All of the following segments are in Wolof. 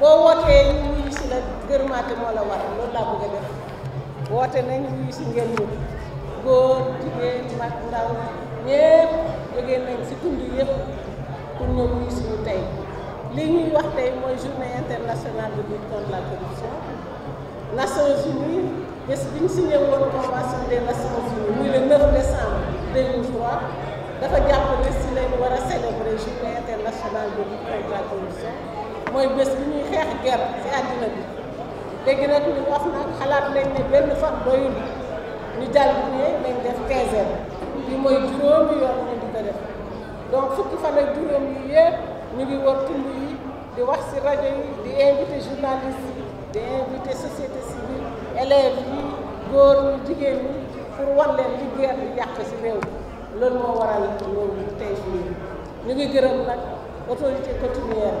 boo wootee ñu wuyu si la gërëmaate moo la war loolu laa bëgg a def woote nañ wuyu si ngeen ñëw góor jigéen mag ndaw ñëpp jógee nañ si tund yëpp pour ñëw wuyu si ñu tey li ñuy wax tey mooy journée internationale de lutte contre Nations Unies bés bi ñu signé woon convention des Nations Unies muy le 9 décembre 2003 dafa jàpp ne si lañ war a célébrer journée internationale de lutte contre moy bes bi ñuy xeex guerre ci àddina bi léegi nag ñu wax nag xalaat nañ ne benn fan doyul ñu jàll ne nañ def 15 heures bi moy juróomi yoon ñu di ko def donc fukki fan ak juróom yi yëpp ñu ngi wor tund yi di wax ci rajo yi di inviter journaliste yi di invité société civile élèves yi góor ñi jigéen ñi pour war leen li guerre di yàq ci réew mi loolu moo waral loolu tey jii ñu ngi gërëm nag autorité coutumière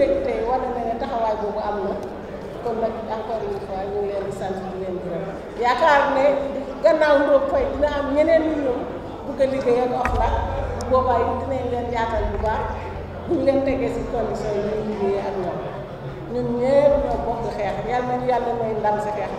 kon nag encore une fois ñu ngi leen di sant di leen yaakaar ne gannaaw Ndiob Faye dina am ñeneen ñu ñëw bëgg a liggéey ak Ofnac la bu yi dinañ leen yaatal bu baax bu ñu leen tegee si condition yi ñuy liggéeyee ak ñoom ñun ñëpp ñoo bokk xeex yàlla nañu yàlla mooy ndam sa xeex.